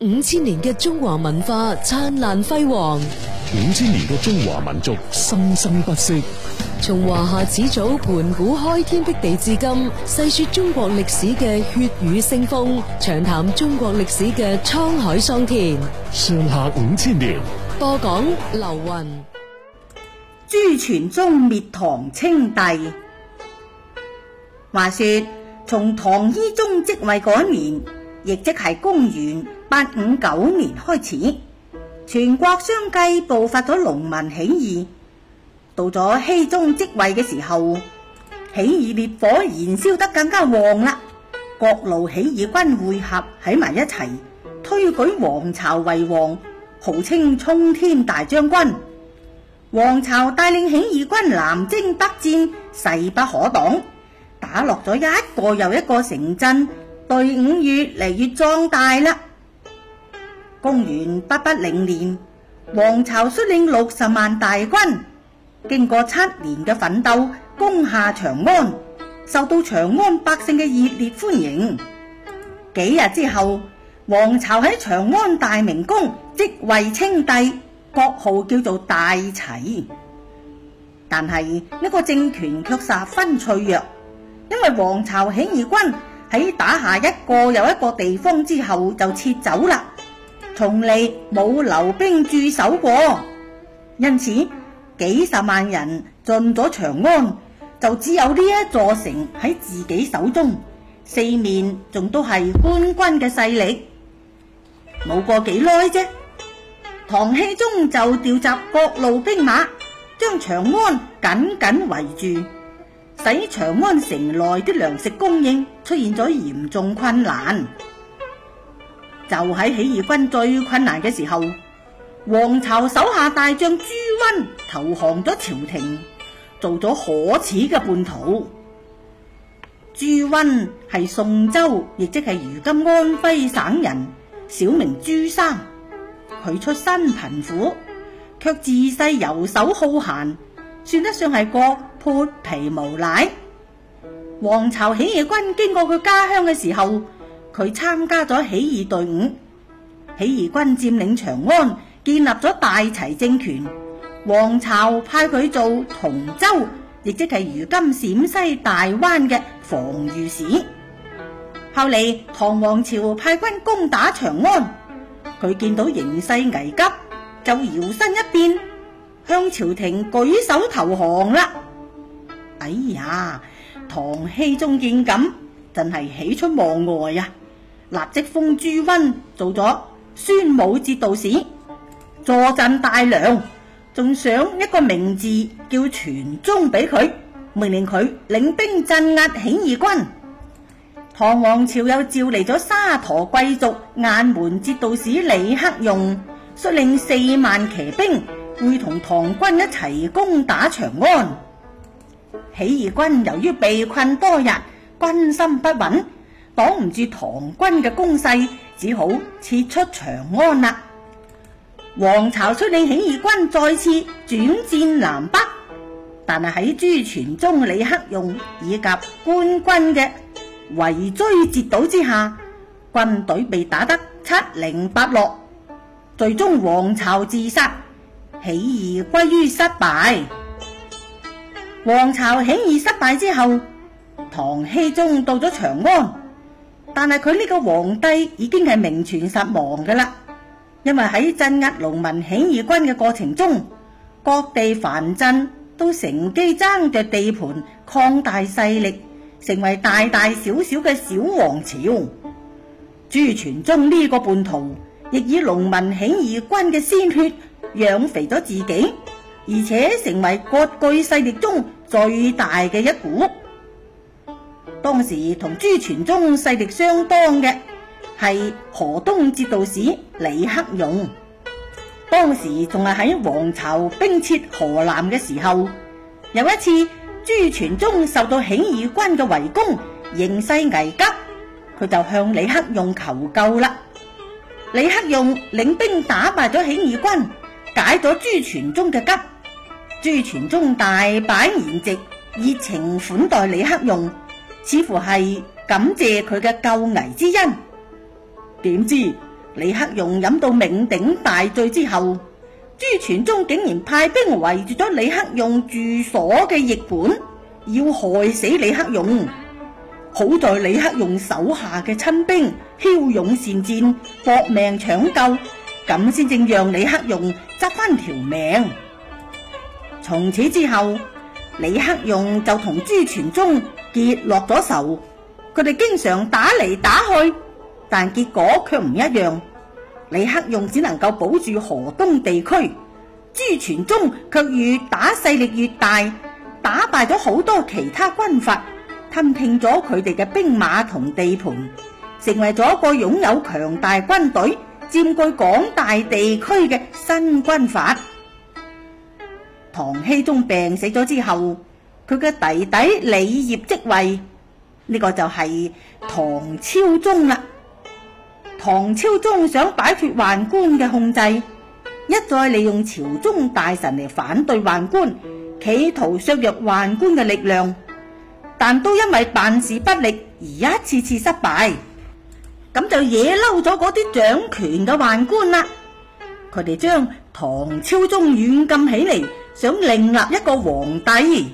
五千年嘅中華文化燦爛輝煌，五千年嘅中華民族生生不息。從華夏始祖盤古開天闢地至今，細說中國歷史嘅血雨腥風，長談中國歷史嘅滄海桑田。上下五千年，多講劉云。朱全忠滅唐稱帝。話說從唐哀宗即位嗰年，亦即係公元。八五九年開始，全國相繼爆發咗農民起義。到咗僖宗即位嘅時候，起義烈火燃燒得更加旺啦。各路起義軍匯合喺埋一齊，推舉黃巢為王，號稱衝天大將軍。黃巢帶領起義軍南征北戰，勢不可擋，打落咗一個又一個城鎮，隊伍越嚟越壯大啦。公元八八零年，黃巢率領六十萬大軍，經過七年嘅奮鬥，攻下長安，受到長安百姓嘅熱烈歡迎。幾日之後，黃巢喺長安大明宮即位稱帝，國號叫做大齊。但係呢個政權卻十分脆弱，因為黃巢起義軍喺打下一個又一個地方之後，就撤走啦。從嚟冇留兵駐守過，因此幾十萬人進咗長安，就只有呢一座城喺自己手中，四面仲都係官軍嘅勢力。冇過幾耐啫，唐僖宗就調集各路兵馬，將長安緊緊圍住，使長安城內的糧食供應出現咗嚴重困難。就喺起義軍最困難嘅時候，黃巢手下大將朱温投降咗朝廷，做咗可恥嘅叛徒。朱温係宋州，亦即係如今安徽省人，小名朱三。佢出身貧苦，却自細游手好閒，算得上係個潑皮無賴。黃巢起義軍經過佢家鄉嘅時候，佢參加咗起義隊伍，起義軍佔領長安，建立咗大齊政權。黃巢派佢做同州，亦即係如今陝西大灣嘅防御使。後嚟唐王朝派軍攻打長安，佢見到形勢危急，就搖身一變，向朝廷舉手投降啦。哎呀，唐僖宗見咁，真係喜出望外呀、啊。立即封朱溫做咗宣武節度使，坐鎮大梁，仲想一個名字叫全忠俾佢，命令佢領兵鎮壓起義軍。唐王朝又召嚟咗沙陀貴族雁門節度使李克用，率領四萬騎兵會同唐軍一齊攻打長安。起義軍由於被困多日，軍心不穩。擋唔住唐軍嘅攻勢，只好撤出長安啦。黃巢率領起義軍再次轉戰南北，但係喺朱全忠、李克用以及官軍嘅圍追截堵之下，軍隊被打得七零八落，最終黃巢自殺，起義歸於失敗。黃巢起義失敗之後，唐僖宗到咗長安。但係佢呢個皇帝已經係名存實亡噶啦，因為喺鎮壓農民起義軍嘅過程中，各地藩鎮都乘機爭奪地盤，擴大勢力，成為大大小小嘅小王朝。朱全忠呢個叛徒亦以農民起義軍嘅鮮血養肥咗自己，而且成為割據勢力中最大嘅一股。當時同朱全忠勢力相當嘅係河東節度使李克用。當時仲係喺黃巢兵撤河南嘅時候，有一次朱全忠受到起義軍嘅圍攻，形勢危急，佢就向李克用求救啦。李克用領兵打敗咗起義軍，解咗朱全忠嘅急。朱全忠大擺筵席，熱情款待李克用。似乎係感謝佢嘅救危之恩，點知李克用飲到酩酊大醉之後，朱全忠竟然派兵圍住咗李克用住所嘅驛館，要害死李克用。好在李克用手下嘅親兵驍勇善戰，搏命搶救，咁先正讓李克用執翻條命。從此之後，李克用就同朱全忠結落咗仇，佢哋經常打嚟打去，但結果卻唔一樣。李克用只能夠保住河東地區，朱全忠卻越打勢力越大，打敗咗好多其他軍閥，吞併咗佢哋嘅兵馬同地盤，成為咗一個擁有強大軍隊、佔據廣大地區嘅新軍閥。唐僖宗病死咗之後，佢嘅弟弟李曄即位，呢個就係唐昭宗啦。唐昭宗想擺脫宦官嘅控制，一再利用朝中大臣嚟反對宦官，企圖削弱宦官嘅力量，但都因為辦事不力而一次次失敗，咁就惹嬲咗嗰啲掌權嘅宦官啦。佢哋將唐昭宗軟禁起嚟。想另立一個皇帝，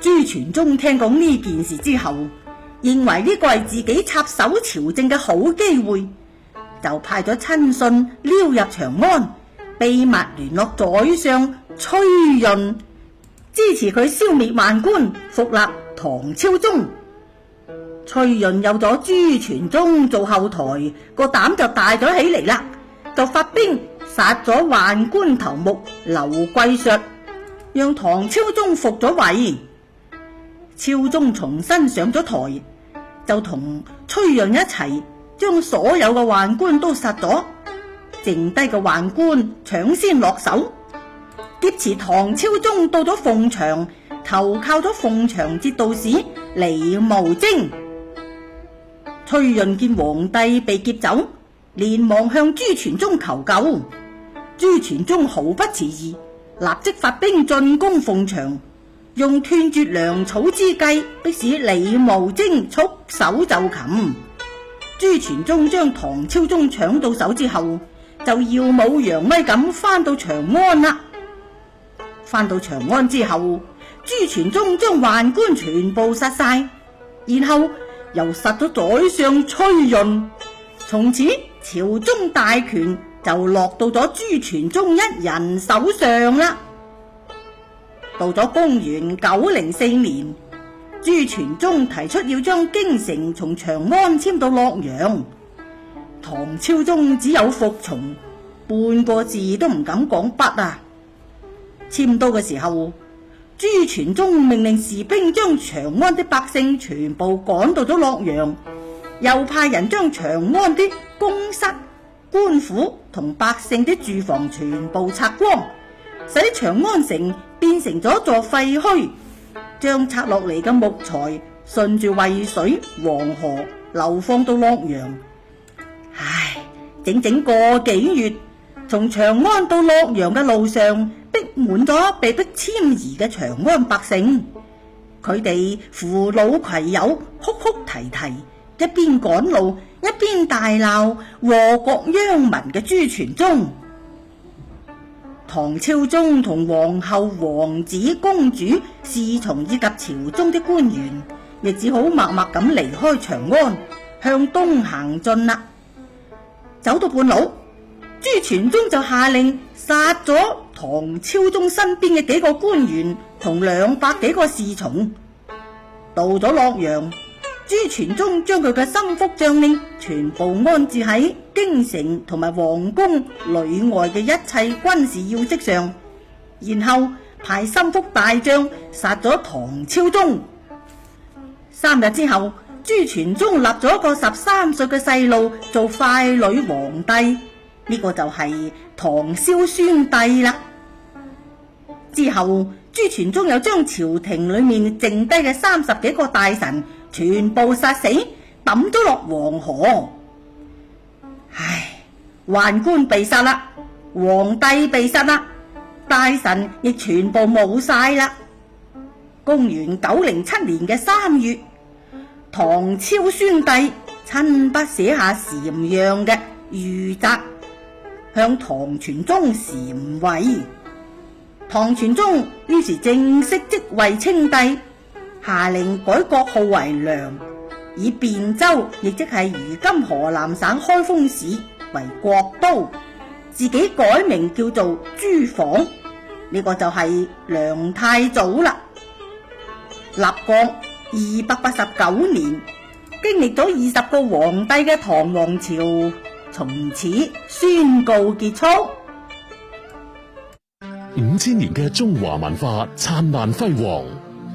朱全忠聽講呢件事之後，認為呢個係自己插手朝政嘅好機會，就派咗親信溜入長安，秘密聯絡宰相崔潤，支持佢消滅宦官，復立唐昭宗。崔潤有咗朱全忠做後台，個膽就大咗起嚟啦，就發兵。殺咗宦官頭目劉季述，讓唐昭宗復咗位。昭宗重新上咗臺，就同崔潤一齊將所有嘅宦官都殺咗，剩低嘅宦官搶先落手劫持唐昭宗到咗鳳翔，投靠咗鳳翔節度使李茂貞。崔潤見皇帝被劫走，連忙向朱全忠求救。朱全忠毫不遲疑，立即發兵進攻鳳翔，用斷絕糧草之計，迫使李茂貞束手就擒。朱全忠將唐昭宗搶到手之後，就耀武揚威咁翻到長安啦。翻到長安之後，朱全忠將宦官全部殺晒，然後又殺咗宰相崔胤，從此朝中大權，就落到咗朱全忠一人手上啦。到咗公元九零四年，朱全忠提出要將京城從長安遷到洛陽，唐昭宗只有服從，半個字都唔敢講不啊。遷都嘅時候，朱全忠命令士兵將長安的百姓全部趕到咗洛陽，又派人將長安啲宮室。官府同百姓的住房全部拆光，使長安城變成咗座廢墟。將拆落嚟嘅木材順住渭水、黃河流放到洛陽。唉，整整個幾月，從長安到洛陽嘅路上，逼滿咗被逼遷移嘅長安百姓，佢哋扶老攜幼哭哭啼啼。一邊趕路一邊大鬧禍國殃民嘅朱全忠。唐昭宗同皇后、王子、公主侍從以及朝中的官員，亦只好默默咁離開長安，向東行進啦。走到半路，朱全忠就下令殺咗唐昭宗身邊嘅幾個官員同兩百幾個侍從，到咗洛陽。朱全忠將佢嘅心腹將領全部安置喺京城同埋皇宮裏外嘅一切軍事要職上，然後派心腹大將殺咗唐昭宗。三日之後，朱全忠立咗一個十三歲嘅細路做傀儡皇帝，呢、這個就係唐昭宣帝啦。之後，朱全忠又將朝廷裏面剩低嘅三十幾個大臣。全部殺死，抌咗落黃河。唉，宦官被殺啦，皇帝被殺啦，大臣亦全部冇晒啦。公元九零七年嘅三月，唐昭宣帝親筆寫下禪讓嘅諭澤，向朱全忠禪位。朱全忠於是正式即位稱帝。下令改國號為梁，以汴州，亦即係如今河南省開封市為國都，自己改名叫做朱晃，呢個就係梁太祖啦。立國二百八十九年，經歷咗二十個皇帝嘅唐王朝，從此宣告結束。五千年嘅中華文化燦爛輝煌。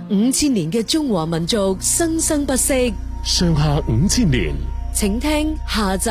五千年嘅中華民族生生不息，上下五千年，請聽下集。